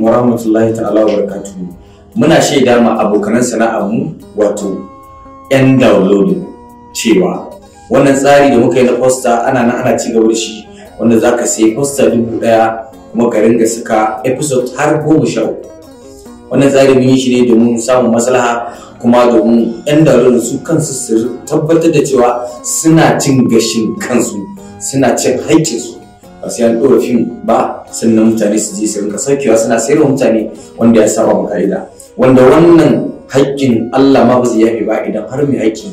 wa rahmatullahi ta'ala wa barakatuhu muna shaida ma abokanan mu wato yan downloading cewa wannan tsari da muka yi na poster ana nan ana ci gaba da shi wanda za ka sayi poster dubu daya kuma ka ringa saka episode har goma sha wannan tsari mun yi shi ne domin samun maslaha kuma domin yan downloading su kansu su tabbatar da cewa suna cin gashin kansu suna cin haƙƙinsu ba sai an ɗora fim ba sannan mutane su je su rinka saukewa suna sayarwa mutane wanda ya saba mu ka'ida wanda wannan haƙƙin Allah ma ba zai yafe ba idan har mai haƙƙi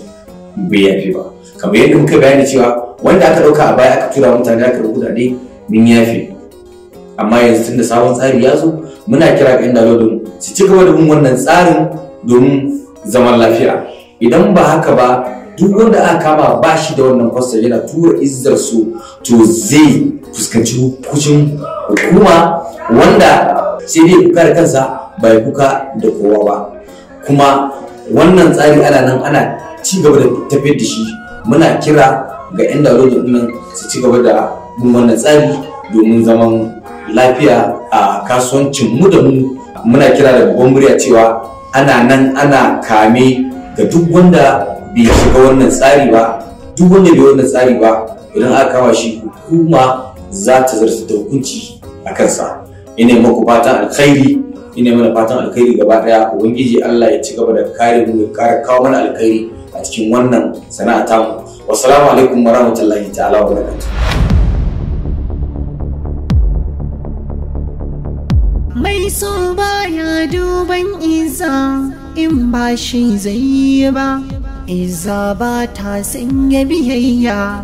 bai yafe ba kamar yadda muka bayani cewa wanda aka ɗauka a baya aka tura mutane aka rubuta kuɗaɗe mun yafe amma yanzu tunda sabon tsari ya zo muna kira ga inda dalolin su ci gaba da bin wannan tsarin domin zaman lafiya idan ba haka ba duk wanda aka kama ba shi da wannan kwastar yana tura izzar su to zai fuskanci hukuncin hukuma wanda sai dai kuka da kansa bai kuka da kowa ba kuma wannan tsari ana nan ana ci gaba da tafiyar da shi muna kira ga 'yan dalolin nan su ci gaba da bin wannan tsari domin zaman lafiya a kasuwancin mu da mu muna kira da babban murya cewa ana nan ana kame ga duk wanda bai shiga wannan tsari ba duk wanda bai wannan tsari ba idan aka kama shi hukuma za ta zarta da hukunci a kansa ina muku fatan alkhairi ina mana fatan alkhairi gaba daya ubangiji Allah ya ci gaba da kare mu ya kara kawo mana alkhairi a cikin wannan sana'a tamu wassalamu alaikum warahmatullahi ta'ala wa barakatuh mai so baya duban iza in ba shi zai ba iza ba ta sanya biyayya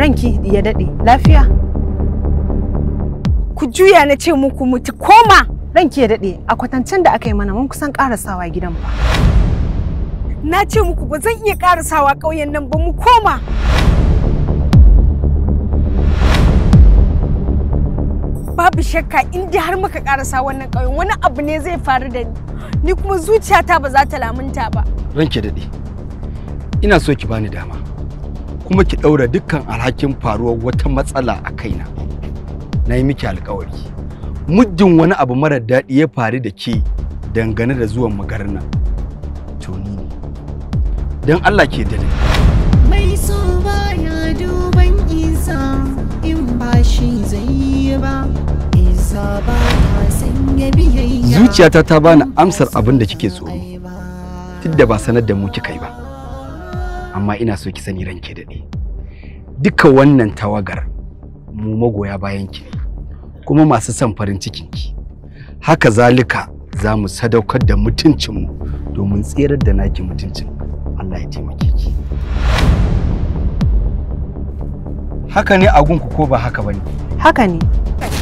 ranki ya daɗe lafiya ku juya na ce muku mutu koma ranki ya daɗe a kwatancen da aka yi mana mun kusan ƙarasawa gidan ba na ce muku ba zan iya ƙarasawa ƙauyen nan ba mu koma babu shakka in har muka karasa wannan ƙauyen wani abu ne zai faru da ni ni kuma zuciyata ba za ta lamunta ba ranke daɗe ina so ki bani dama kuma ki ɗaura dukkan alhakin faruwar wata matsala a kaina na yi miki alkawari muddin wani abu mara daɗi ya faru da ke dangane da zuwan magarna to ni don allah ke da mai so ya duban isa in ba shi zai ba isa ba sanya biyayya zuciyata ta bani amsar abin da kike tsoro duk da ba sanar da mu kika yi ba amma ina so ki sani ranke daɗe duka wannan tawagar mu magoya bayan ki ne kuma masu son farin cikin ki haka zalika za mu sadaukar da mutuncinmu domin tserar da naki mutuncin Allah ya taimake ki haka ne a gunku ko ba haka bane haka ne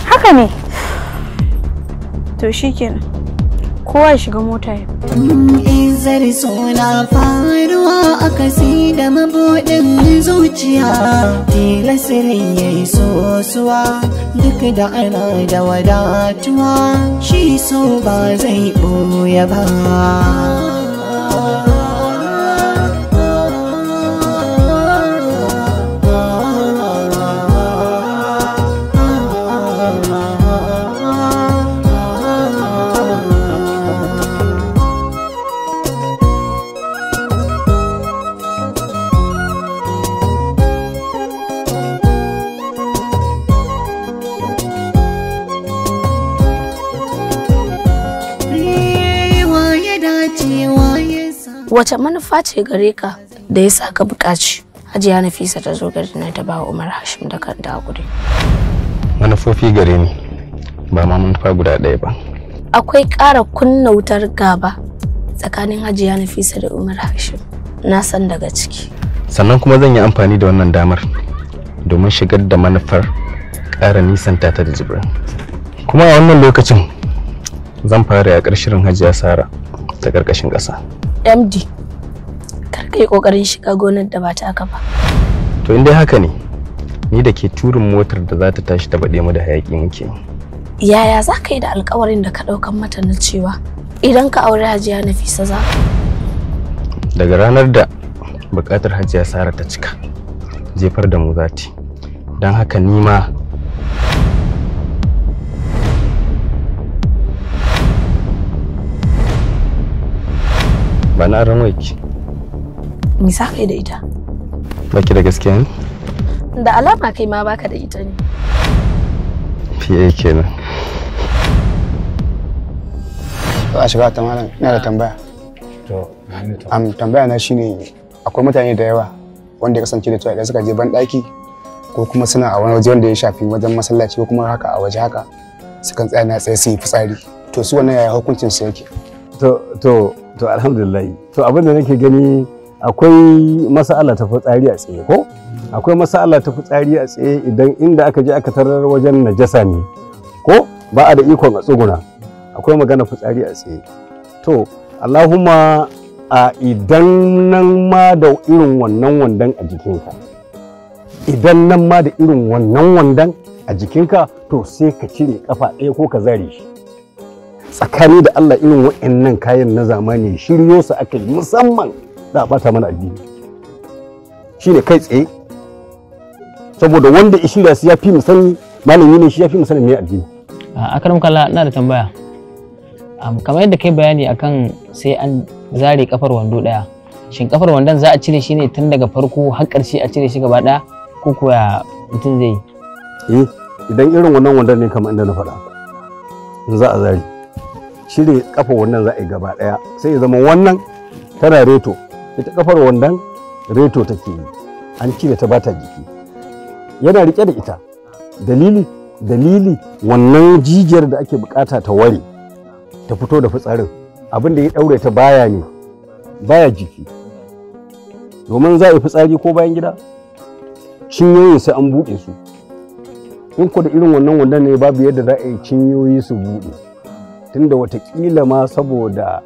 haka ne to shikenan kowa ya shiga mota ya zari suna faruwa a kasi da mabuɗin zuciya tilasirin ya yi sosuwa duk da ana da wadatuwa shi so ba zai ɓoye ba wace manufa ce gare ka da ya sa ka buƙaci hajiya nafisa ta zo gari na ta ba umar hashim da kan da gudu manufofi gare ni ba ma manufa guda ɗaya ba akwai ƙara kunna wutar gaba tsakanin hajiya nafisa da umar hashim na san daga ciki sannan kuma zan yi amfani da wannan damar domin shigar da manufar ƙara nisanta ta da jibrin kuma a wannan lokacin zan fara yakar shirin hajiya sara ta ƙarƙashin ƙasa md kar ka yi kokarin shiga gonar da ba ta ba to in dai haka ne ni da ke turin motar da za ta tashi ta baɗe mu da hayaƙi muke yaya za ka yi da alkawarin da ka ɗaukan mata na cewa idan ka aure hajiya nafisa za daga ranar da bukatar hajiya sara ta cika jefar da mu zati don haka ni ma ba na aron wayarki me za ka yi da ita baki da gaskiya ne da alama kai ma baka da ita ne fiye kenan a shiga ta malam ina da tambaya to am tambaya na shine akwai mutane da yawa wanda ya kasance da idan suka je ban daki ko kuma suna a wani waje wanda ya shafi wajen masallaci ko kuma haka a waje haka sukan tsaya na tsaye su yi fitsari to su wannan yaya hukuncin su yake to to to alhamdulillah to abin da nake gani akwai masala ta fitsari a tsaye ko akwai masala ta fitsari a tsaye idan inda aka je aka tarar wajen najasa ne ko ba a da ikon a tsuguna akwai magana fitsari a tsaye to allahumma a idan nan ma da irin wannan wandan a jikinka idan nan ma da irin wannan wandan a jikinka to sai ka cire kafa ɗaya ko ka zare shi tsakani da Allah irin wa'annan kayan na zamani shiryo su aka yi musamman da bata mana addini shine kai tsaye saboda wanda ishira su ya fi musani malami ne shi ya fi musani mai addini a karam kala ina da tambaya kamar yadda kai bayani akan sai an zare kafar wando daya shin kafar wandon za a cire shi ne tun daga farko har karshe a cire shi gaba daya ko kuwa mutum zai yi eh, idan irin wannan wandon ne kamar inda na faɗa za a zare cire kafa wannan za a yi gaba daya sai ya zama wannan tana reto ita kafar wannan reto take yi an cire ta bata jiki yana rike da ita dalili dalili wannan jijiyar da ake bukata ta ware ta fito da fitsarin abin da ya daure ta baya ne baya jiki domin za a yi fitsari ko bayan gida cinyoyi sai an buɗe su in ku da irin wannan wannan ne babu yadda za a yi cinyoyi su buɗe tunda watakila ma saboda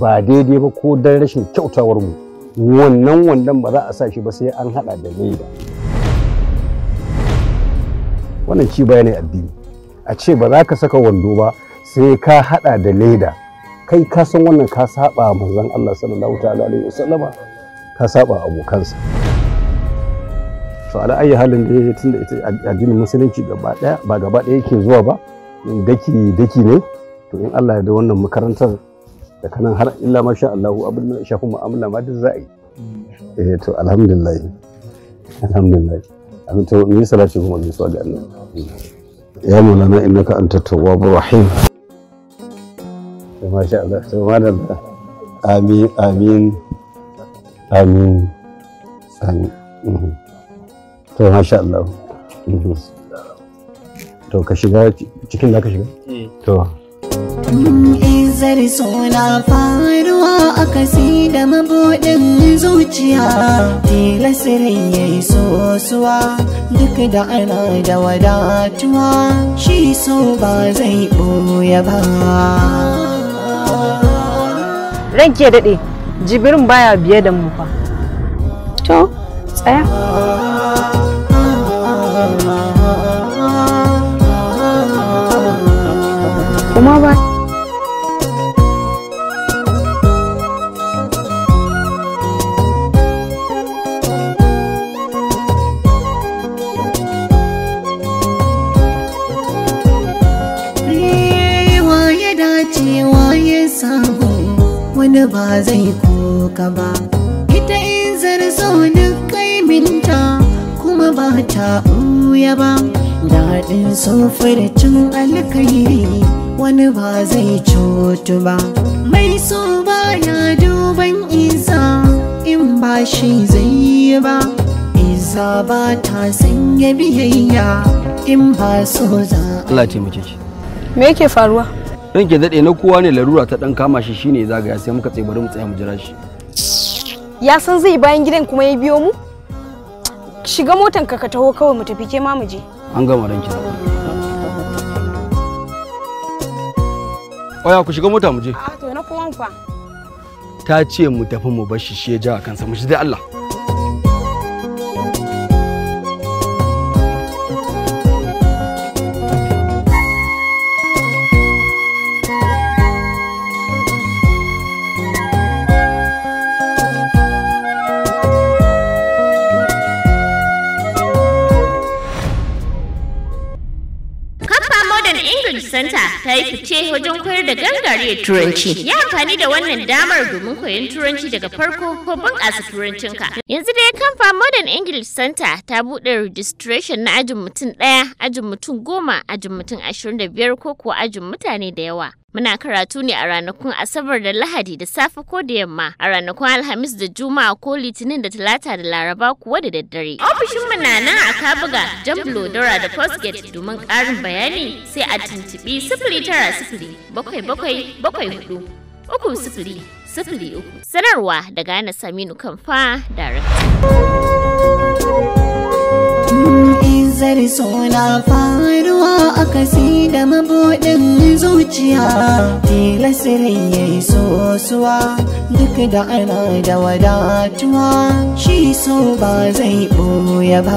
ba daidai ba ko dan rashin kyautawar mu wannan wannan ba za a sa shi ba sai an hada da leda wannan ci bayani addini a ce ba za ka saka wando ba sai ka hada da leda kai ka san wannan ka saba manzon Allah sallallahu ta'ala alaihi wasallama ka saba abokansa to ala ayi halin da yake tunda addinin musulunci gaba daya ba gaba daya yake zuwa ba daki daki ne to in Allah ya da wannan makarantar da kanan har illa masha Allah abin da shafi mu'amala ma duk za a yi eh to alhamdulillah alhamdulillah amin to ni salati kuma ni salati annabi ya mulana innaka anta tawwabur rahim ما Allah to سبحان amin, amin, amin. آمين آمين mhm. to masha Allah mhm. to ka shiga cikin da ka shiga eh. to Izar suna faruwa a kasi da mabuɗin zuciya Tilasirin ya yi sosuwa duk da ana da wadatuwa Shi so ba zai ɓoye ba Ranke daɗe, jibirin baya biye da mu fa. To, tsaya. Kuma ba. wani ba zai kuka ba ita in zarzo na kai minta kuma ba ta ɓuya ba daɗin cin alkairi wani ba zai cutu ba mai so ba ya duban isa in ba shi zai yi ba isa ba ta sanya biyayya in ba so za Allah mace ce me yake faruwa ranke daɗe na kowa ne larura ta ɗan kama shi shine ya zagaya sai muka tsaye bari mu tsaya mu jira shi ya san zai bayan gidan kuma ya biyo mu shiga motan ka ka taho kawai mu tafi ke ma mu je an gama ranki. Oya ku shiga mota mu je. A to na kowan fa. Ta ce mu tafi mu bar shi shi ya ja kansa mu shi dai Allah. ta yi fice wajen koyar da gangare turanci. Ya amfani da wannan damar domin koyon turanci daga farko ko bunƙasa turancinka. Yanzu dai kamfa Modern English Center ta buɗe registration na ajin mutum ɗaya, ajin mutum goma, ajin mutum ashirin da biyar ko kuwa ajin mutane da yawa. Muna karatu ne a ranakun Asabar da Lahadi da safe ko da yamma, a ranakun Alhamis da Juma'a ko Litinin da Talata da Laraba kuwa da daddare. Ofishinmu na nan a Kabuga, Jamblo, Dora da Postgate domin ƙarin bayani sai a tuntuɓi sifili tara sifili Sanarwa daga Ana Saminu Kamfa, Darakta. zar na faruwa a kasi da mabuɗin zuciya tilasirin ya yi sosuwa duk da ana da wadatuwa shi so ba zai ɓoye ba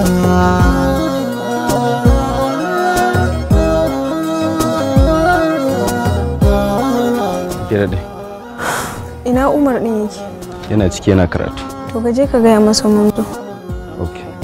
Ina Umar ɗin yake? Yana ciki yana karatu. To gaje ka gaya masa mun zo.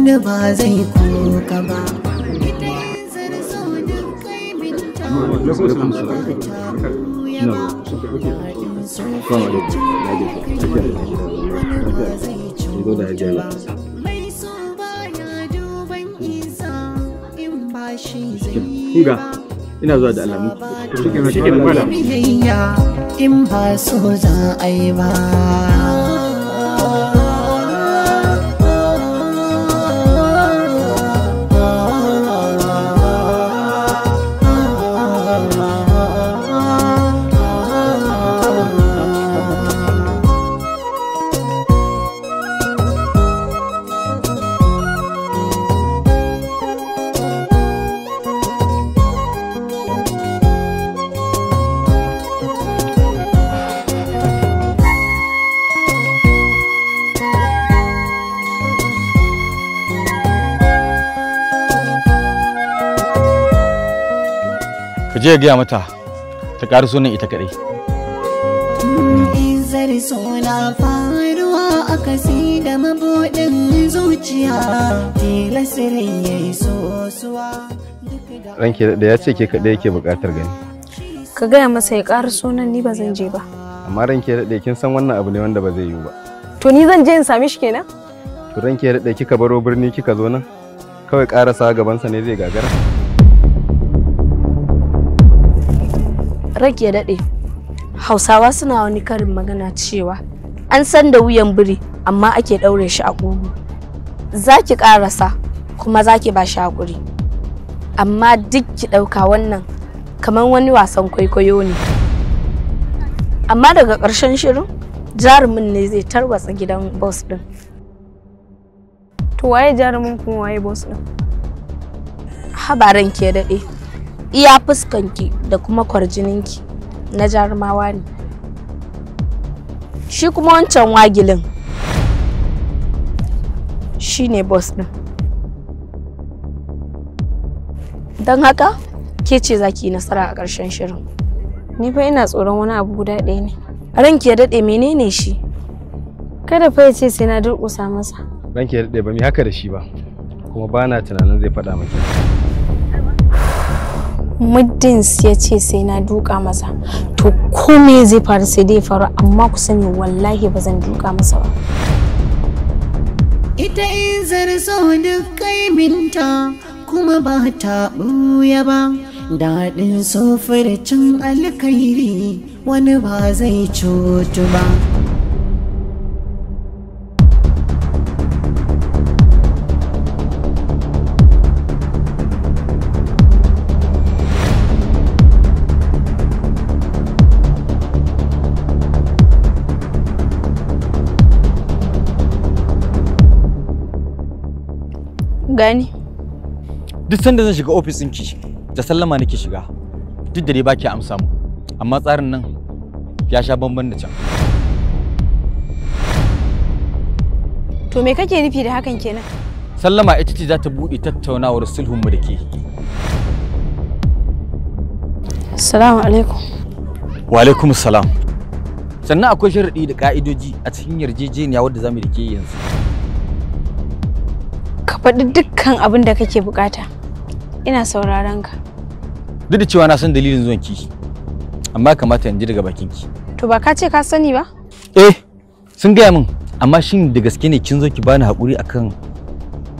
wani ba zai kuka ba Kunga, ina zuwa da alamu. Shi ke nan, shi ke nan, in ba so za a yi ba. je gaya mata ta ƙari sunan ita kaɗai. Ranke da ya ce ke kaɗai yake buƙatar gani. Ka gaya masa ya ƙara sunan ni ba zan je ba. Amma ranke da kin san wannan abu ne wanda ba zai yiwu ba. To ni zan je in sami shi kenan? To ranke da kika baro birni kika zo nan? Kawai ƙarasa gabansa ne zai gagara. rage daɗe hausawa suna wani karin magana cewa an san da wuyan biri amma ake ɗaure shi a ƙugu za ki ƙarasa kuma za ki ba shi haƙuri amma duk ki ɗauka wannan kamar wani wasan kwaikwayo ne amma daga ƙarshen shirin jarumin ne zai tarwatsa gidan boss ɗin to waye jarumin kuma waye boss ɗin habaran ke daɗe iya fuskanki da kuma kwarjininki na jarumawa ne shi kuma wancan wagilin shi ne boss ɗin don haka ke ce za ki yi nasara a ƙarshen shirin ni fa ina tsoron wani abu guda ɗaya ne ranki ya daɗe menene shi kada fa ya ce sai na durƙusa masa ranki ya daɗe ba mai haka da shi ba kuma ba na tunanin zai faɗa maki muddin ya ce sai na duka masa to ko zai faru sai dai faru amma ku sani wallahi ba zan duka masa ba ita in zarso duk kaiminta kuma ba ta buya ba daɗin sofar cin alkairi wani ba zai cutu ba Gani. Duk sanda zan shiga ofis ɗinki da sallama nake shiga. Duk da dai baki amsa mu. Amma tsarin nan ya sha bamban da can. To me kake nufi da hakan kenan? Sallama ita ce za ta buɗe tattaunawar sulhunmu da ke. Assalamu alaikum. Wa alaikum salam. Sannan akwai sharaɗi da ƙa'idoji a cikin yarjejeniya wadda zamu da ke yanzu. faɗi dukkan abin da kake bukata ina sauraron ka duk da cewa na san dalilin zuwan ki amma kamata in ji daga bakin ki to ba ka ce ka sani ba eh sun gaya min amma shin da gaske ne kin zo ki bani hakuri akan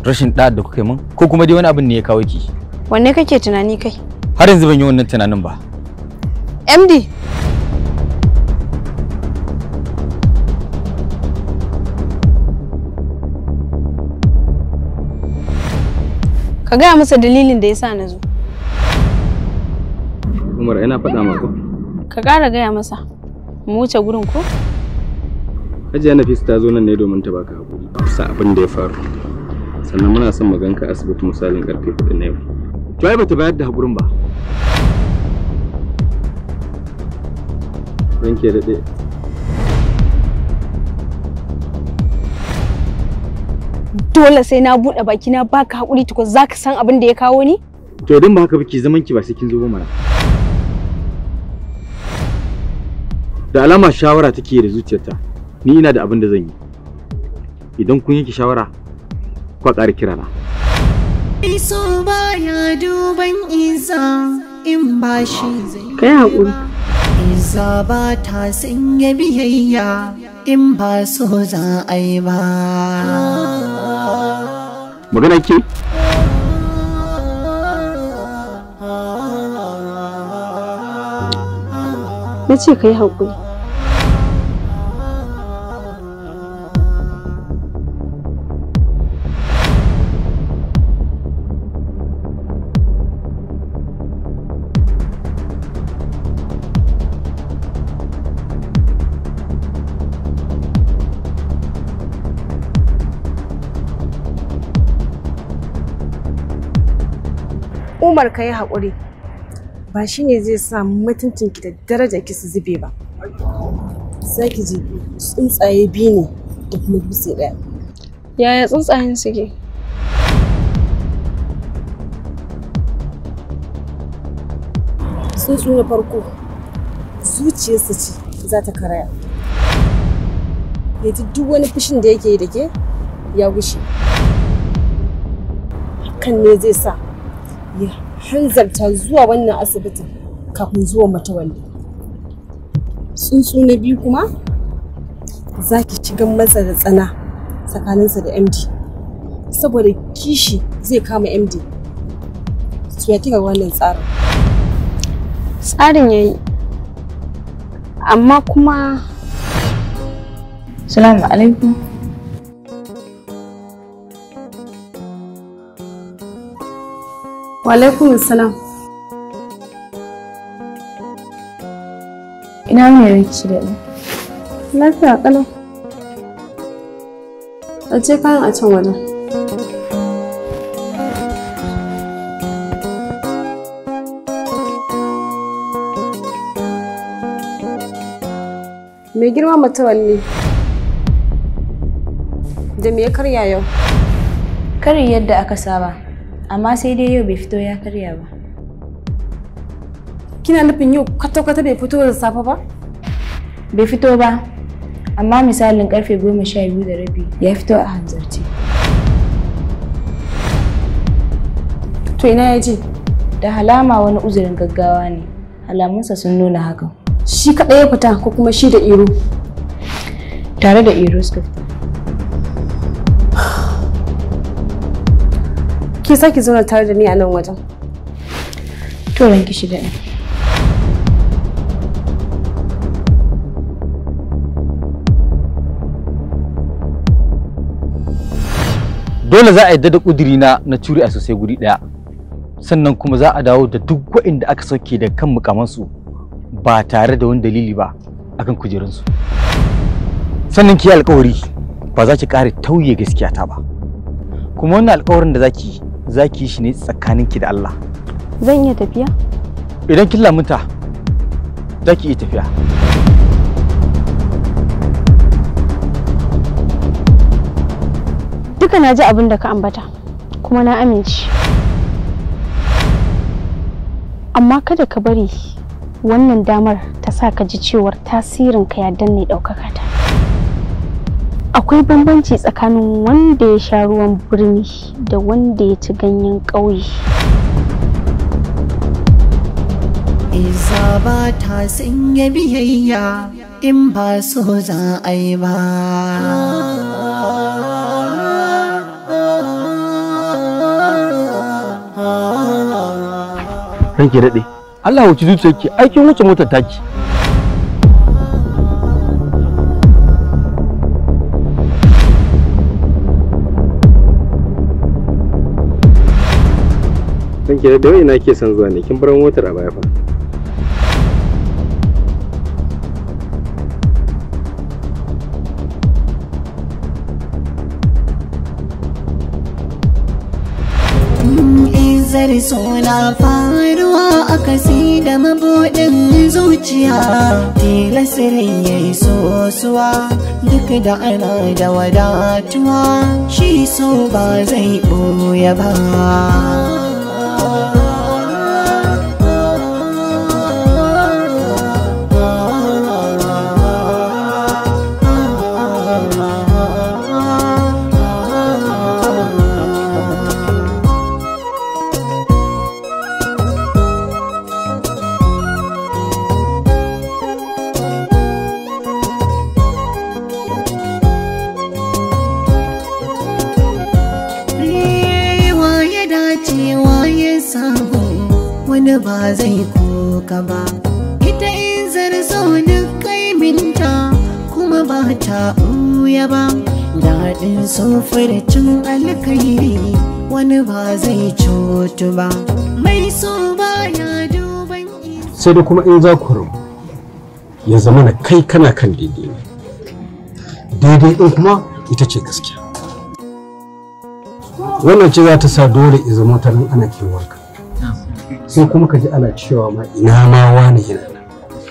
rashin ɗa da kuka yi min ko kuma dai wani abin ne ya kawo ki wanne kake tunani kai har yanzu ban yi wannan tunanin ba md Ka gaya masa dalilin da ya sa na zo. Umar, ina faɗa maka. Ka ƙara gaya masa. Mu wuce gurin ko? Hajiya Nafisa ta zo nan ne domin ta baka haƙuri bisa abin da ya faru. Sannan muna son ka asibiti misalin karfe 4 na yau. Joy bata bayar da haƙurin ba. Ranke daɗe, dole sai na buɗe baki na baka hakuri tukun zaka san abin da ya kawo ni to don ba haka ba ki zaman ki ba sai kin zo ba mana da alama shawara take da zuciyarta ni ina da abin da zan yi idan kun yanke shawara kwa ƙara kirana iso ya duban isa in ba shi zai kai hakuri isa ba ta sanya biyayya in ba su za a yi ba magana ke na ce ka yi haƙuri Umar ka yi haƙuri ba shi ne zai sa ki da daraja ki su zube ba. Za ki ji tsuntsaye biyu ne da kuma dutse ɗaya. Yaya tsuntsayen suke? Tsuntsu na farko zuciyarsa ce za ta karaya. Ya duk wani fushin da yake yi da ke ya gushe. Hakan ne zai sa ya hanzarta zuwa wannan asibitin kafin zuwa matawalli tsuntsu na biyu kuma za ki ci masa da tsana tsakaninsa da md saboda kishi zai kama md su ya kika wannan tsarin tsarin ya yi amma kuma salamu alaikum Walaikum salam. Ina mai rikici da ni? Lafiya ƙalau. ce kayan a can wajen. Mai girma matawalle. Da me ya karya yau? Karin yadda aka saba. amma sai dai yau bai fito ya karya ba kina nufin yau kwata-kwata bai fito da safe ba bai fito ba amma misalin karfe goma sha biyu da rabi ya fito a hanzarci. to ina ya je da halama wani uzurin gaggawa ne alamunsa sun nuna hakan shi kaɗai ya fita ko kuma shi da iro tare da iro suka fita yasa ki zauna tare da ni a nan wajen? To da dole za a yadda da ƙudiri na na curi a sosai guri ɗaya sannan kuma za a dawo da duk waɗanda aka sauke da kan mukamansu ba tare da wani dalili ba akan kujerunsu sannan ki yi alkawari ba za ki kare tauye gaskiya ta ba kuma wannan alkawarin da za ki za ki yi shi ne tsakaninki da Allah. Zan iya tafiya? Idan kin lamunta, za ki iya tafiya. Duka na ji abin da ka ambata, kuma na amince. Amma kada ka bari wannan damar ta sa ka ji cewar tasirinka ya danne ɗaukaka ta. akwai bambanci tsakanin wanda ya sha ruwan birni da wanda ya ci ganyen ƙauye ba ta sanya biyayya in ba so za a yi ba ranke daɗe Allah wuce zuciyarki aikin wuce motar taki ke da ina ke son zuwa ne kin bar motar a baya fa zar suna faruwa a kasi da mabuɗin zuciya tilasirin ya yi sosuwa duk da ana da wadatuwa shi so ba zai ɓoye ba ba zai koka ba ita in zarzo duk kaiminta kuma ba ta ɓuya ba daɗin cin alkairi wani ba zai cutu ba mai so ba ya duban sai da kuma in za ku ya zama na kai kana kan daidai ne daidai ɗin kuma ita ce gaskiya wannan ce za ta sa dole ya ta nan ana kewarka sai kuma ka ji ana cewa ma ina ma wani yana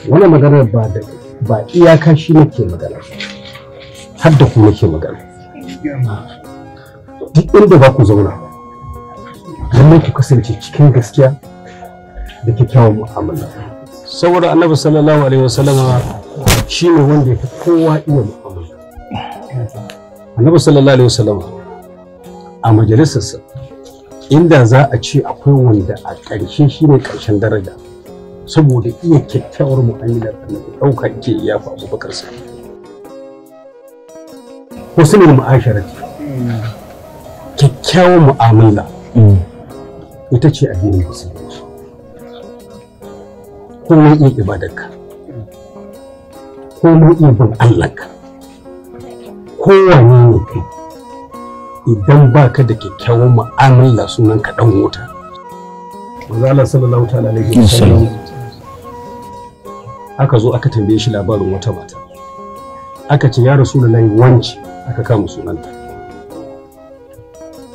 wani maganar ba da ba iyaka shi nake magana har da ku nake magana duk inda ba ku zauna lallai ku kasance cikin gaskiya da kyakkyawan mu'amala saboda annabi sallallahu alaihi wasallama shi ne wanda ya kowa iya mu'amala annabi sallallahu alaihi wasallama a majalisarsa inda za a ce akwai wanda a ƙarshe shi ne ƙarshen daraja saboda iya kyakkyawar mu'amalar mai ɗauka ke iya faɗo abubakar sa wasu ne mu'asharati kyakkyawar mu'amala ita ce addinin musulunci komai iya ibadarka komai iya bin ko wani ne kai idan ba ka da kyakkyawan mu'amala sunan ka dan wuta manzala sallallahu ta'ala alaihi wasallam aka zo aka tambaye shi labarin wata mata aka ce ya rasulullahi wanci aka kama sunanta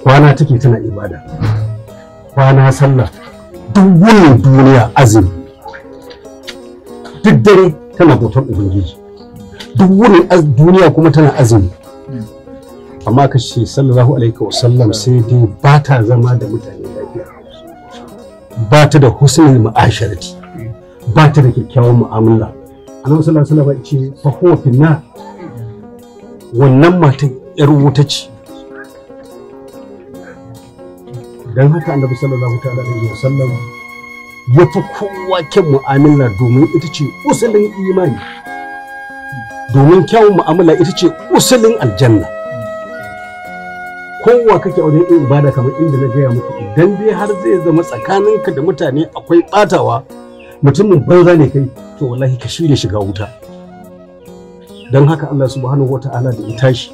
kwana take tana ibada kwana sallah duk wannan duniya azumi duk dare tana bautar ubangiji duk wurin duniya kuma tana azumi amma ka ce sallallahu alaihi sallam sai dai ba ta zama da mutane lafiya ba ta da husnul ma'asharati ba ta da kyakkyawan mu'amala annabi sallallahu alaihi sallam ce fa huwa finna wannan matan yar wuta ce dan haka annabi sallallahu ta'ala alaihi sallam ya fi kowa kyan mu'amala domin ita ce usulin imani domin kyawun mu'amala ita ce usulin aljanna kowa kake a wajen ibada kamar inda na gaya muku idan dai har zai zama tsakaninka da mutane akwai batawa mutumin banza ne kai to wallahi ka shirya shiga wuta don haka Allah subhanahu wa ta'ala da ya tashi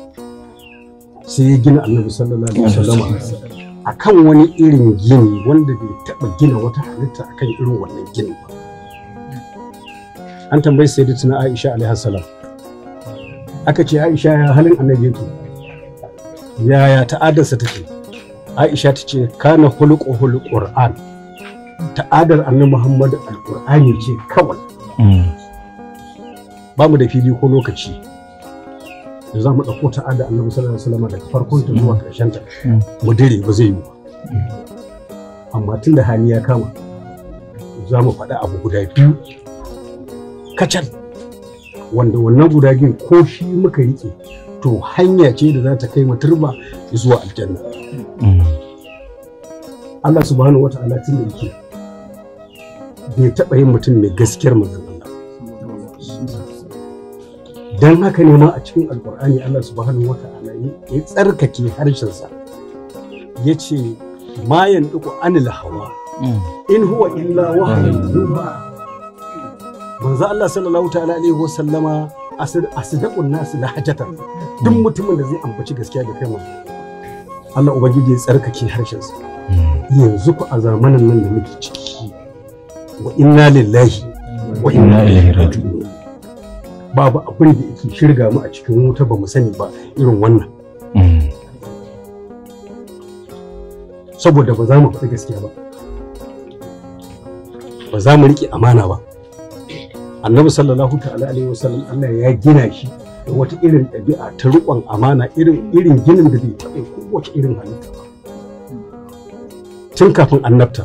sai ya gina annabi sallallahu alaihi wasallam akan wani irin gini wanda bai taba gina wata halitta akan irin wannan gini ba an tambayi sayyidatuna Aisha alaiha salam aka ce Aisha ya halin annabi yake yaya ta'adarsa take aisha ta ce kana hulƙo qur'an. ta'adar annabi muhammadu alƙur'ani ce kawai mm. ba mu da fili ko lokaci da za mu ɗauko ta'adar annabi sallallahu alaihi wasallam daga farkon ta zuwa karshen ta mm. mu dire ba zai yi ba mm. amma tun da hali ya kama za mu faɗa abu guda biyu kacal wanda wannan guda biyu ko shi muka riƙe to hanya ce da za ta kai turba zuwa aljanna Allah subhanahu wata'ala tun da yake bai taɓa yin mutum mai gaskiyar magana don haka ne ma a cikin alkur'ani Allah subhanahu wata'ala ya tsarkake harshensa ya ce ma ku anil hawa in huwa illa wahayin manzo Allah sallallahu ta'ala alaihi wa sallama asdaqun nas la hajatan duk mutumin da zai ambaci gaskiya da kai mu Allah ubangiji ya tsarkake harshen su. yanzu ku a zamanin nan da muke ciki wa inna lillahi wa inna ilaihi raji'un babu abin da yake shirga mu a cikin wuta ba mu sani ba irin wannan saboda ba za mu faɗi gaskiya ba ba za mu riƙe amana ba annabi sallallahu ta'ala alaihi wasallam Allah ya gina shi da wata irin ɗabi'a ta riƙon amana irin irin ginin da bai taɓa kowace irin halitta ba tun kafin annabta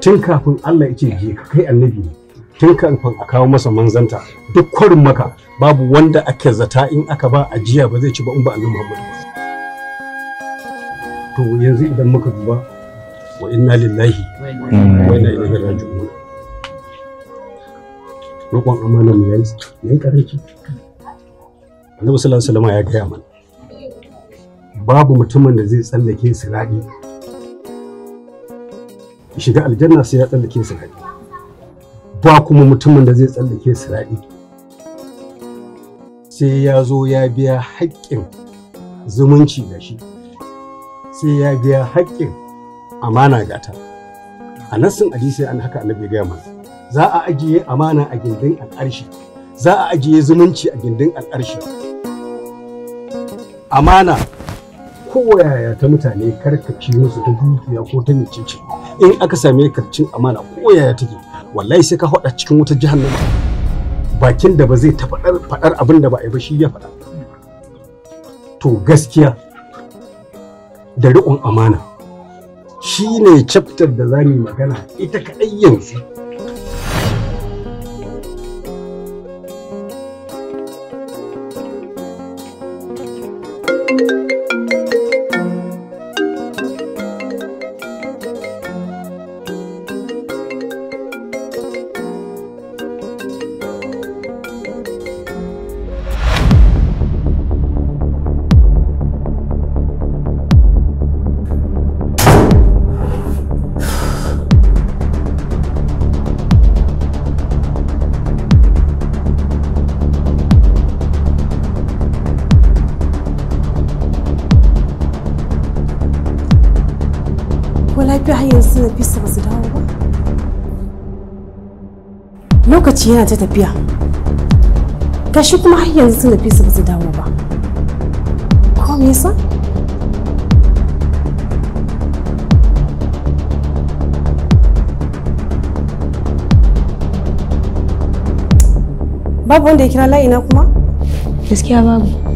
tun kafin Allah ya ce je ka kai annabi ne tun kafin a kawo masa manzanta duk kwarin maka babu wanda ake zata in aka ba ajiya ba zai ci ba in ba annabi Muhammad ba to yanzu idan muka duba wa inna lillahi wa inna ilaihi raji'un roƙon amana mu yayi yayi karanci Annabi sallallahu alaihi wasallam ya gaya mana babu mutumin da zai tsallake sirari shiga aljanna sai ya tsallake sirari ba kuma mutumin da zai tsallake sirari sai ya zo ya biya haƙƙin zumunci da shi sai ya biya haƙƙin amana gata a nassin hadisi an haka annabi ya gaya mana za a ajiye amana a gindin al'arshi za a ajiye zumunci a gindin al'arshi amana koyaya ta mutane karkaci musu ta dukiya ko ta mecece in aka same karcin amana koyaya take wallahi sai ka hada cikin wata jahannama bakin da ba zai ta faɗar abin da ba a ba shi ya faɗa to gaskiya da riƙon amana shi ne chapter da za mu magana ita kaɗai yanzu lokaci yana ta tafiya gashi kuma har yanzu su nafi su ba su dawo ba ko me yasa babu wanda ya kira la'ina kuma gaskiya babu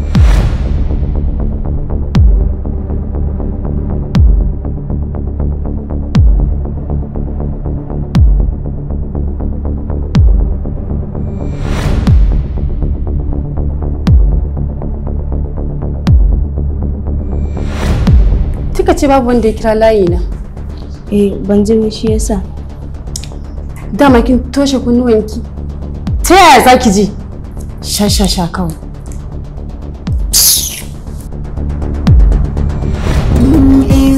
ce babu wanda ya kira layi na. Eh, ban ji shi yasa. Dama kin toshe kunnuwanki. Ta yaya za ki ji? Sha sha sha kawai.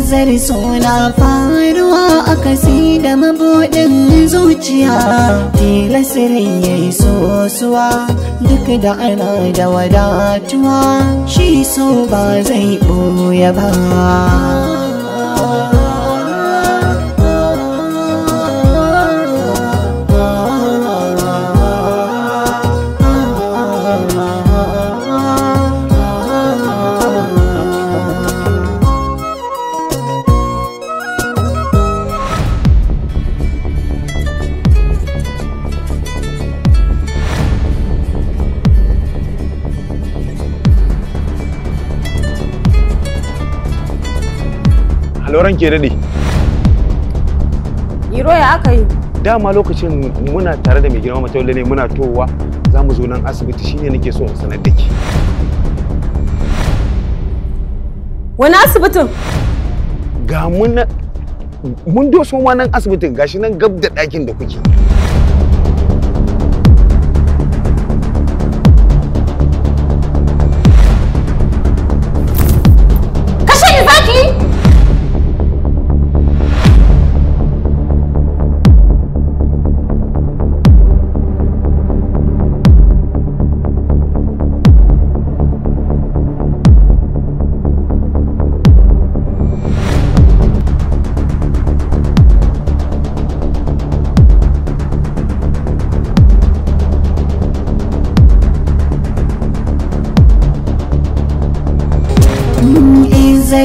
zar suna faruwa a kasi da mabuɗin zuciya tilas ya yayi sosuwa duk da ana da wadatuwa shi so ba zai ɓoye ba lauren ke daɗe. Iro ya aka yi? Dama lokacin muna tare da mai girma mataule ne muna towa za mu zo nan asibiti shine nake so in sanar da Wani asibitin? Ga mun doso ma nan asibitin gashi nan gab da ɗakin da kuke.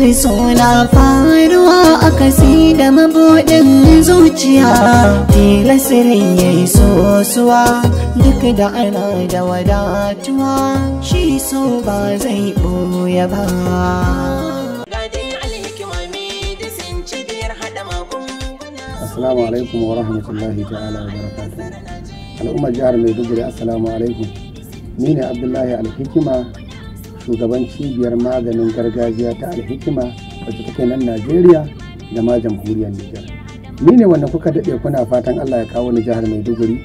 Kaunar suna faruwa a kasi da mabuɗin zuciya Tilasirin ya yi sosuwa duk da ana da wadatuwa Shi so ba zai ɓoye ba Assalamu alaikum wa rahmatullahi ta'ala wa barakatuhu. Al'ummar jihar Maiduguri Assalamu alaikum. Ni ne Abdullahi Alhikima shugaban cibiyar maganin gargajiya ta alhikima wacce take nan najeriya da ma jamhuriyar nijar ni ne wanda kuka daɗe kuna fatan allah ya kawo ni jihar maiduguri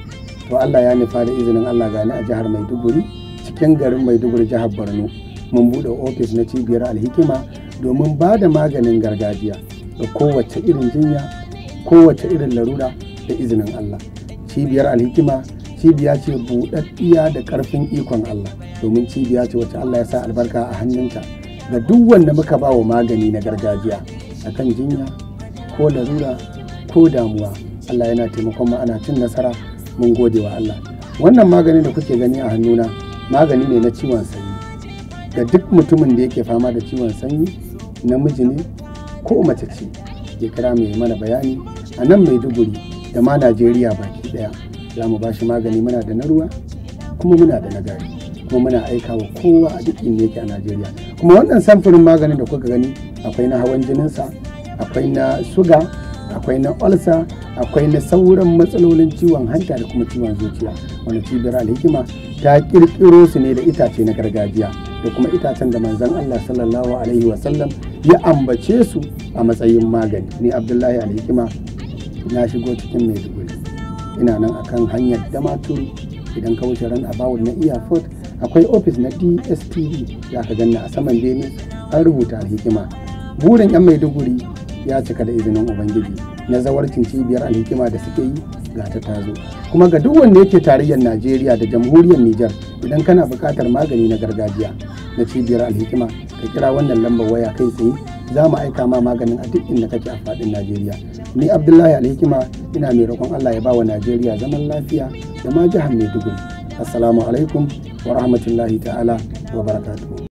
to allah ya nufa da izinin allah gani a jihar maiduguri cikin garin maiduguri jihar borno mun buɗe ofis na cibiyar alhikima domin ba da maganin gargajiya da kowace irin jinya kowace irin larura da izinin allah cibiyar alhikima cibiya ce buɗaɗɗiya da ƙarfin ikon Allah domin cibiya ce wacce Allah ya sa albarka a hannunta ga duk wanda muka ba wa magani na gargajiya a kan jinya ko larura ko damuwa Allah yana taimakon ma'ana cin nasara mun gode wa Allah wannan maganin da kuke gani a hannuna magani ne na ciwon sanyi ga duk mutumin da yake fama da ciwon sanyi namiji ne ko mace ce ya kira mai mana bayani a nan mai maiduguri da ma najeriya baki daya za mu ba shi magani muna da na ruwa kuma muna da na gari kuma muna aika wa kowa a duk inda yake a najeriya kuma wannan samfurin maganin da kuka gani akwai na hawan jininsa akwai na suga akwai na olsa akwai na sauran matsalolin ciwon hanta da kuma ciwon zuciya wani cibiyar alhikima ta kirkiro su ne da itace na gargajiya da kuma itacen da manzon allah sallallahu alaihi wasallam ya ambace su a matsayin magani ni abdullahi alhikima na shigo cikin mai maiduguri ina nan akan hanyar damaturu idan ka wuce ran abawul na iya fort. akwai ofis na dstv za ka ganna a saman bene an rubuta alhikima burin yan maiduguri ya cika da izinin ubangiji na zawarcin cibiyar alhikima da suke yi ga ta tazo kuma ga duk wanda yake tarayyar najeriya da jamhuriyar nijar idan kana buƙatar magani na gargajiya na cibiyar alhikima ka kira wannan lambar waya kai tsaye za mu aika ma maganin a duk inda kake a faɗin Najeriya. Ni Abdullahi Alhikima ina mai roƙon Allah ya bawa Najeriya zaman lafiya da ma jihar Maiduguri. Assalamu alaikum wa rahmatullahi ta'ala wa barakatuhu.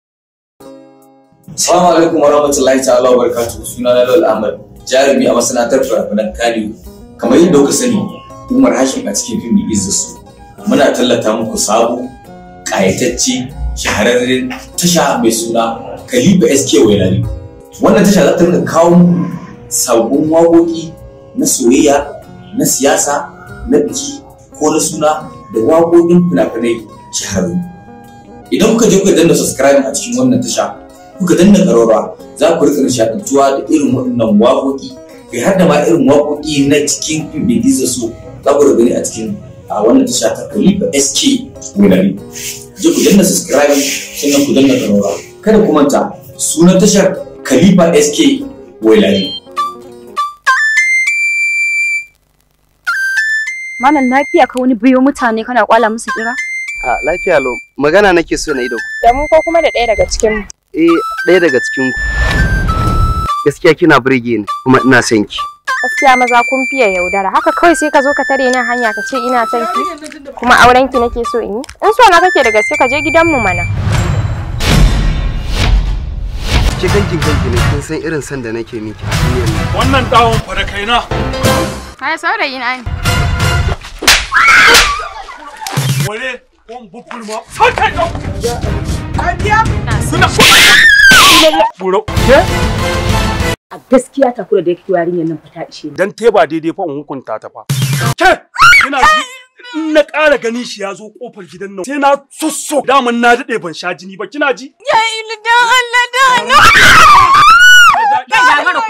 Assalamu alaikum wa rahmatullahi ta'ala wa barakatuhu. Suna na Lal Ahmad, jarumi a masana'antar fina-finan Kamar yadda kuka sani, Umar Hashim a cikin fim Izzis. Muna tallata muku sabo, ƙayatacce, shahararren tasha mai suna Kalibu SK Wailani. wannan tasha za ta rinka kawo mu sabbin waƙoƙi na soyayya na siyasa na biki ko na suna da waƙoƙin fina-finai shahararru idan kuka je kuka danna subscribe a cikin wannan tasha kuka danna karora za ku rika nishaɗantuwa da irin waɗannan waƙoƙi kai har da ma irin waƙoƙi na cikin fim da su za ku gani a cikin a wannan tasha ta kalifa SK Winari. Je ku danna subscribe sannan ku danna karora kada ku manta sunan tashar Khalifa SK Wailani. Malam lafiya ka wani biyo mutane kana kwala musu kira? A ah, lafiya lo, magana nake so na yi da ku. Da mu ko kuma da ɗaya daga cikin Eh, ɗaya daga cikin ku. Gaskiya kina burge ni kuma ina son ki. Gaskiya maza kun fiye yaudara. Haka kawai sai ka zo ka tare ni hanya ka ce ina son ki kuma auren ki nake so in yi. In so na kake da gaske ka je gidanmu mana. ke gangin gangi ne kin san irin san da nake miki a duniyar nan wannan dawon fara kai na. ai saurayi na ne wale kon buful ma sai ka adiya suna buro ke a gaskiya ta kula da yake yarinyar nan fa ta ishe dan te ba daidai fa in hukunta ta fa ke kina ji na ƙara gani shi ya zo ƙofar gidan nan sai na sosso daman na daɗe ban sha jini ba kina ji ya ilu Allah da Allah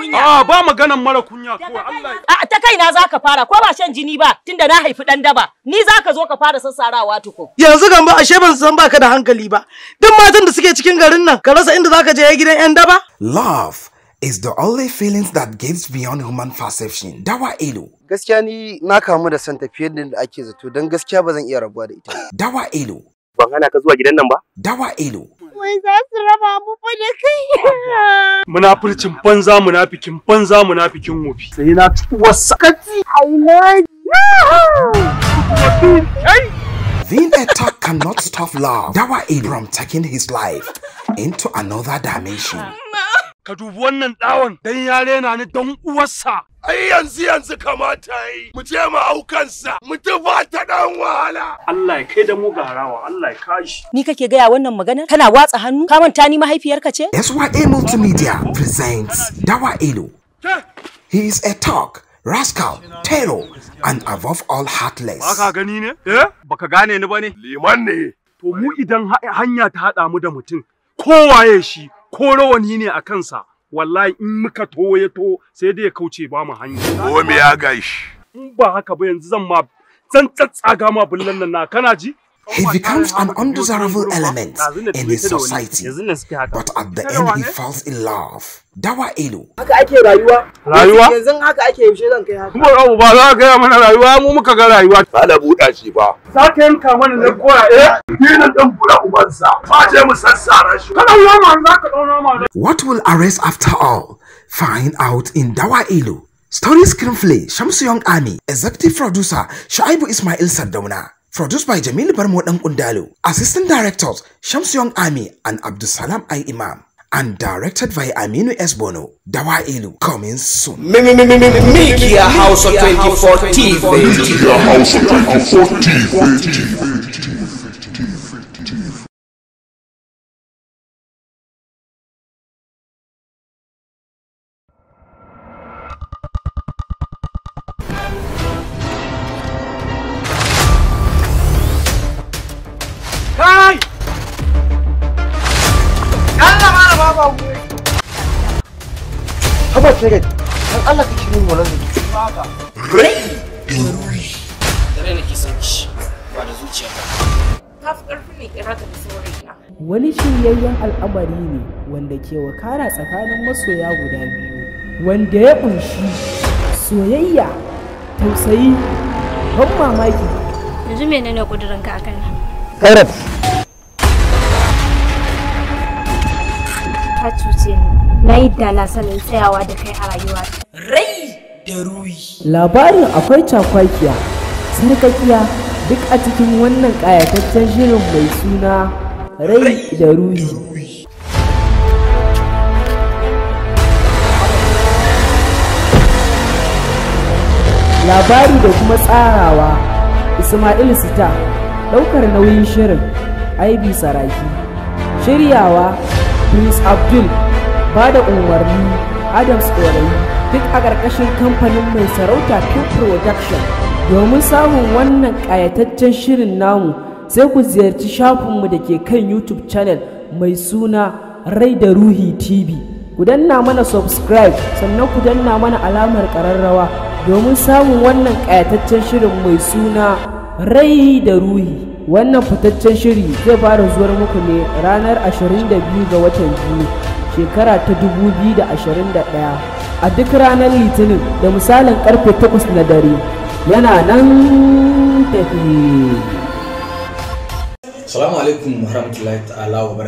a ah, ba maganan mara kunya ko Allah a ta kai za ka fara ko ba shan jini ba tunda na haifi dan daba ni zaka zo ka fara sassarawa tuko yanzu gan ba ashe ban san baka da hankali ba duk matan da suke cikin garin nan ka rasa inda zaka je gidan yan daba love is the only feelings that gives beyond human perception. Dawa Elo. Gaskiya ni na kamu da santa tafiyar da ake zato don gaskiya ba zan iya rabuwa da ita. Dawa Elo. Ban hana ka zuwa gidan nan ba? Dawa Elo. Wai za su raba mu fa da kai. Munafurcin banza munafikin banza munafikin wofi. Sai na wasa. Kati. I love you. Ai. Being cannot stop love. Dawa Elo from taking his life into another dimension. ka dubi wannan ɗawan dan ya rena ni don uwarsa. Ai yanzu yanzu kamata yi mu je mu hau kansa mu tufa ta dan wahala. Allah ya kai da mu harawa, Allah ya kashi. Ni kake gaya wannan maganar kana watsa hannu ka manta ni mahaifiyarka ce? SYA Multimedia presents Dawa Elo. He is a talk rascal, Tero and above all heartless. Baka gani ne? Eh? Baka gane ni ba ne? Liman ne. To mu idan hanya ta haɗa mu da mutum, kowaye shi, ko rawani ne a kansa wallahi in muka to ya to sai dai ya kauce ba mu hanya ko me ya gashi in ba haka ba yanzu zan ma zan tsatsaga ma bullan nan na kana ji he oh becomes an undesirable element in his society, but at the end he falls in love. Dawa Elo. Haka ake rayuwa. Yanzu haka ake yaushe zan kai haka. ba za ka gaya mana rayuwa mu ga rayuwa. Ba da buɗa shi ba. Za ka eh? Ba je mu shi. ruwa What will arrest after all? Find out in Dawa Elu. Story Screenplay Shamsu Young Ami Executive Producer Shaibu Ismail Saddauna. Produced by Jamil Barmo Undalu, Assistant Directors Shamsiyong Ami and Abdusalam I. Imam. And directed by Aminu S. Bono, Dawa Ilu, coming soon. Make your house of 24 TV. Make your house of 24 TV. How much is it? Dan Allah ka shirin wannan zai. Baka. Rai. Dare nake son shi ba da zuciya ba. Ka fi ƙarfin ne kira ka da saurayina. Wani shiryayyen al'amari ne wanda ke wakara tsakanin masoya guda biyu wanda ya ƙunshi soyayya tausayi ban mamaki yanzu menene ƙudurinka akan nan? Kairat cuce ni na yi da sanin tsayawa da kai a rayuwa labarin akwai cakwakiya sarkakiya duk a cikin wannan ƙayataccen shirin mai suna rai da ruwi labari da kuma tsarawa ismail sita ɗaukar nauyin shirin aibi saraki shiryawa Prince Abdul ba da umarni Adams Orayi duk a ƙarƙashin kamfanin mai sarauta Pew Production domin samun wannan ƙayataccen shirin namu sai ku ziyarci shafinmu da ke kan YouTube channel mai suna Rai da Ruhi TV. Ku danna mana subscribe sannan ku danna mana alamar ƙararrawa domin samun wannan ƙayataccen shirin mai suna Rai da Ruhi. wannan fitaccen shiri zai fara zuwar muku ne ranar 22 ga watan biyu shekara ta 2021 a duk ranar litinin da misalin karfe 8 na dare yana nan tafi salamu alaikum warahmatullahi ta'ala wa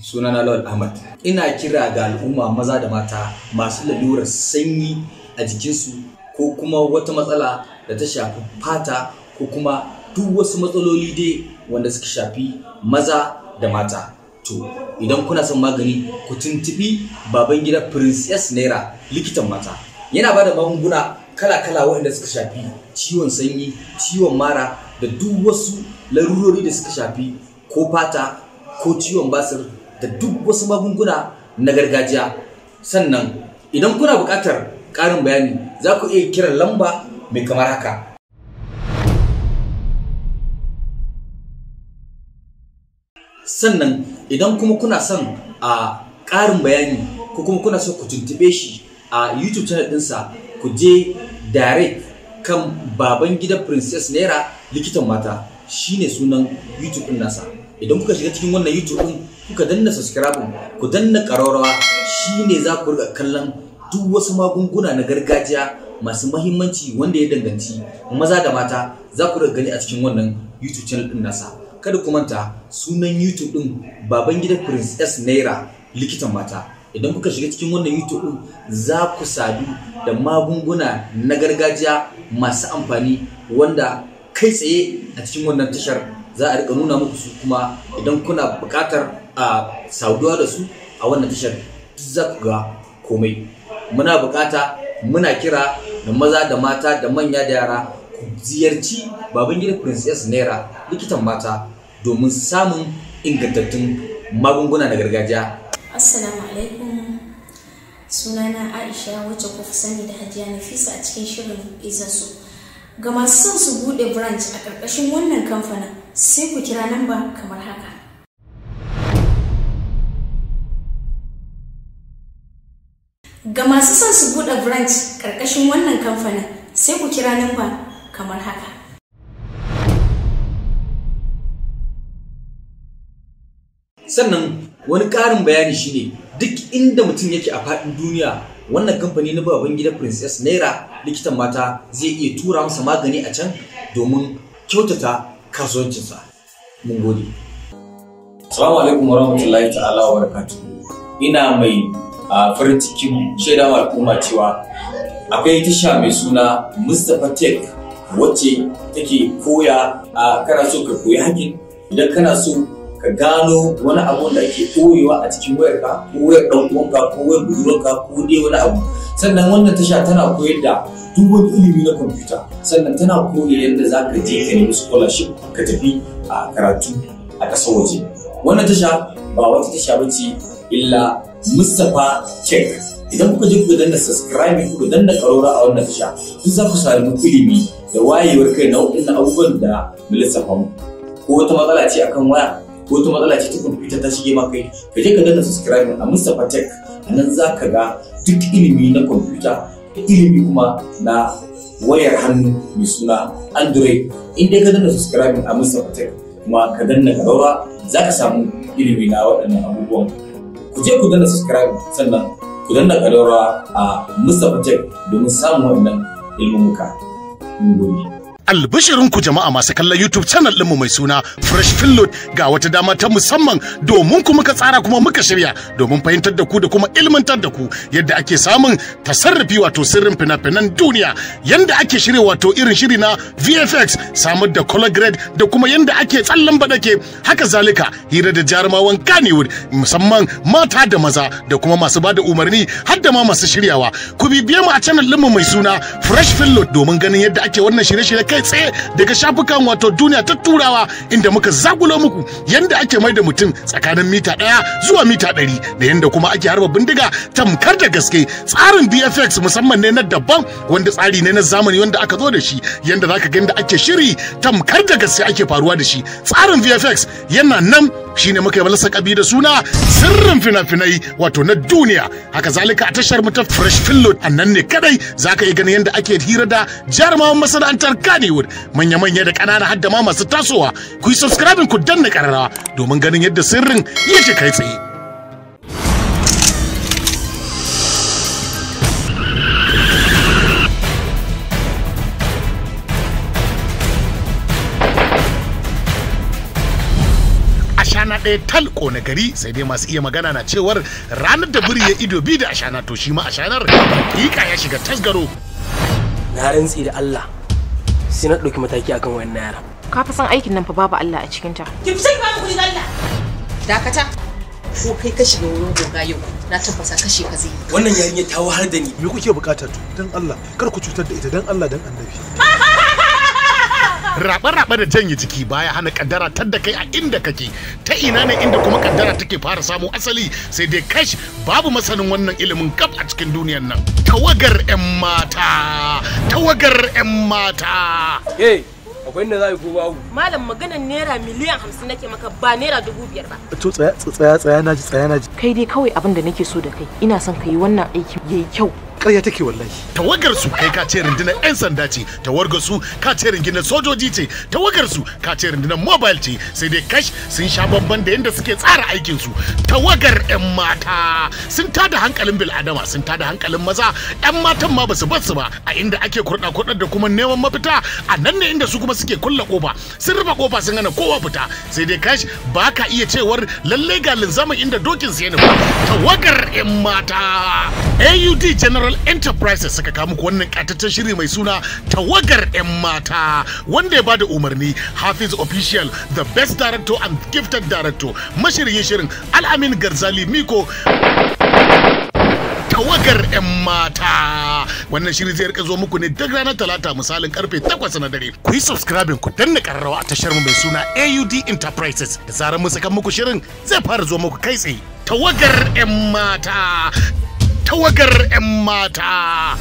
Suna na lawal ahmad ina kira ga al'umma maza da mata masu lalurar sanyi a jikinsu ko kuma wata matsala da ta shafi fata ko kuma duk wasu matsaloli dai wanda suka shafi maza da mata to idan kuna son magani ku tuntubi baban gida princess naira likitan mata yana ba da magunguna kala-kala waɗanda suka shafi ciwon sanyi ciwon mara da duk wasu larurori da suka shafi ko fata ko ciwon basir da duk wasu magunguna na gargajiya sannan idan kuna buƙatar ƙarin bayani za ku iya kiran lamba mai kamar haka sannan idan kuma kuna son a ƙarin bayani ko kuma kuna so ku tuntube shi a youtube channel ɗinsa ku je direct kan baban gida princess naira likitan mata shine sunan youtube ɗin nasa idan kuka shiga cikin wannan youtube ɗin kuka danna subscribe ku danna ƙararrawa shine za ku riga kallon duk wasu magunguna na gargajiya masu mahimmanci wanda ya danganci maza da mata za ku gani a cikin wannan YouTube channel din nasa. kada ku manta sunan YouTube din baban gida Princess Naira likitan mata idan kuka shiga cikin wannan YouTube din za ku sadu da magunguna na gargajiya masu amfani wanda kai tsaye a cikin wannan tashar za a rika nuna muku su kuma idan kuna buƙatar a saduwa da su a wannan tashar za ku ga komai muna buƙata muna kira da maza da mata da manya da yara ziyarci babangida princess naira likitan mata domin samun ingantattun magunguna na gargajiya assalamu alaikum sunana aisha wacce kuka sani da hajiya nafisa a cikin shirin su ga masu son su bude branch a ƙarƙashin wannan kamfanin sai ku kira namba kamar haka Ga masu son su bude branch karkashin wannan kamfanin sai ku kira namba kamar haka sannan wani ƙarin bayani shine duk inda mutum yake a faɗin duniya wannan kamfani na baban gida princess naira likitan mata zai iya tura masa magani a can domin kyautata kasuwancinsa mun gode salamu alaikum wa rahmatullahi ta'ala wa barakatuhu ina mai farin cikin shaidawa al'umma cewa akwai tasha mai suna mustapha tech wacce take koya a kana so ka koyi hakin idan kana so ka gano wani abu da ake koyewa a cikin wayar ka ko wayar dan uwanka ko wayar budurwanka, ko dai wani abu sannan wannan tasha tana koyar da duk wani ilimi na kwamfuta sannan tana koyar yadda za ka je ka nemi scholarship ka tafi a karatu a ƙasar waje wannan tasha ba wata tasha ba ce illa Mustapha Check idan kuka je kuka danna subscribe kuka danna karora a wannan tasha duk za ku samu ilimi da wayewar kai na waɗannan abubuwan da mu lissafa ko wata matsala ce akan waya ko wata matsala ce ta kwamfuta ta shige ma kai ka je ka danna subscribe a Mustapha Tech a nan za ka ga duk ilimi na kwamfuta da ilimi kuma na wayar hannu mai suna Android in dai ka danna subscribe a Mustapha Tech kuma ka danna karora za ka samu ilimi na waɗannan abubuwan ku je ku danna subscribe sannan ku danna ƙararrawa a Musa Tech domin samun wannan ilmumuka. Mun gode. Albishirinku jama'a masu kallon YouTube channel ɗinmu mai suna Fresh fillot ga wata dama ta musamman domin ku muka tsara kuma muka shirya domin fahimtar da ku da kuma ilmantar da ku yadda ake samun tasarrufi wato sirrin fina-finan duniya yadda ake shirya wato irin shiri na VFX samar da color grade da kuma yadda ake tsallan ke haka zalika hira da jarumawan Kannywood musamman mata da maza da kuma masu bada umarni har da ma masu shiryawa ku bibiye mu a channel ɗinmu mai suna Fresh Finload domin ganin yadda ake wannan shirye-shirye kai kai tsaye daga shafukan wato duniya ta turawa inda muka zagulo muku yanda ake mai da mutum tsakanin mita ɗaya zuwa mita ɗari da yanda kuma ake harba bindiga tamkar da gaske tsarin bfx musamman ne na daban wanda tsari ne na zamani wanda aka zo da shi yanda zaka ga da ake shiri tamkar da gaske ake faruwa da shi tsarin vfx yana nan shine muka yi wani sakabi da suna sirrin fina-finai wato na duniya haka zalika a tashar mu ta fresh pillow a nan ne kadai zaka iya ganin yadda ake hira da jarumawan masana'antar kan Kannywood manya-manya da ƙanana hadda ma masu tasowa ku yi subscribing ku danna ƙararrawa domin ganin yadda sirrin yake kai tsaye. ashana ɗaya talko na gari sai dai masu iya magana na cewar ranar da biri ya ido biyu da ashana to shi ma ashanar hakika ya shiga tasgaro na rantsi da Allah sai na ɗauki mataki akan wannan yaran ka fa san aikin nan fa babu Allah a cikin ta ki fi ba mu Allah dakata ko kai ka shiga wurin goga yau na tabbata kashe ka zai wannan yarinya ta wahar da ni me kuke bukata to dan Allah kar ku cutar da ita dan Allah dan annabi raba-raba da janye jiki baya hana kaddara tadda kai a inda kake ta ina ne inda kuma kaddara take fara samu asali sai dai kash babu masanin wannan ilimin gab a cikin duniyar nan tawagar 'yan mata tawagar 'yan mata akwai inda za a yi ko babu. Malam maganan naira miliyan hamsin nake maka ba naira dubu biyar ba. To tsaya tsaya tsaya na ji tsaya na ji. Kai dai kawai abin da nake so da kai ina son ka yi wannan aiki yayi kyau ƙarya take wallahi tawagar su kai ka ce rundunar yan sanda ce tawagar su ka ce rundunar sojoji ce tawagar su ka ce rundunar mobile ce sai dai kash sun sha bamban da yadda suke tsara aikin su tawagar yan mata sun tada hankalin bil adama sun tada hankalin maza yan matan ma basu basu ba a inda ake kurɗa kurɗa da kuma neman mafita a nan ne inda su kuma suke kulla kofa sun rufe kofa sun hana kowa fita sai dai kash ba ka iya cewar lallai ga linzamin inda dokin ya nufa tawagar yan mata AUD general Cultural Enterprises suka kamu muku wannan kataccen shiri mai suna tawagar 'yan mata wanda ya bada umarni Hafiz Official the best director and gifted director mashiryin shirin Al'amin Garzali Miko tawagar 'yan mata wannan shiri zai rika zo muku ne duk ranar talata misalin karfe 8 na dare ku yi subscribe ku danna kararrawa a tashar mu mai suna AUD Enterprises da zarar mun saka muku shirin zai fara zo muku kai tsaye tawagar 'yan mata tawagar 'yan mata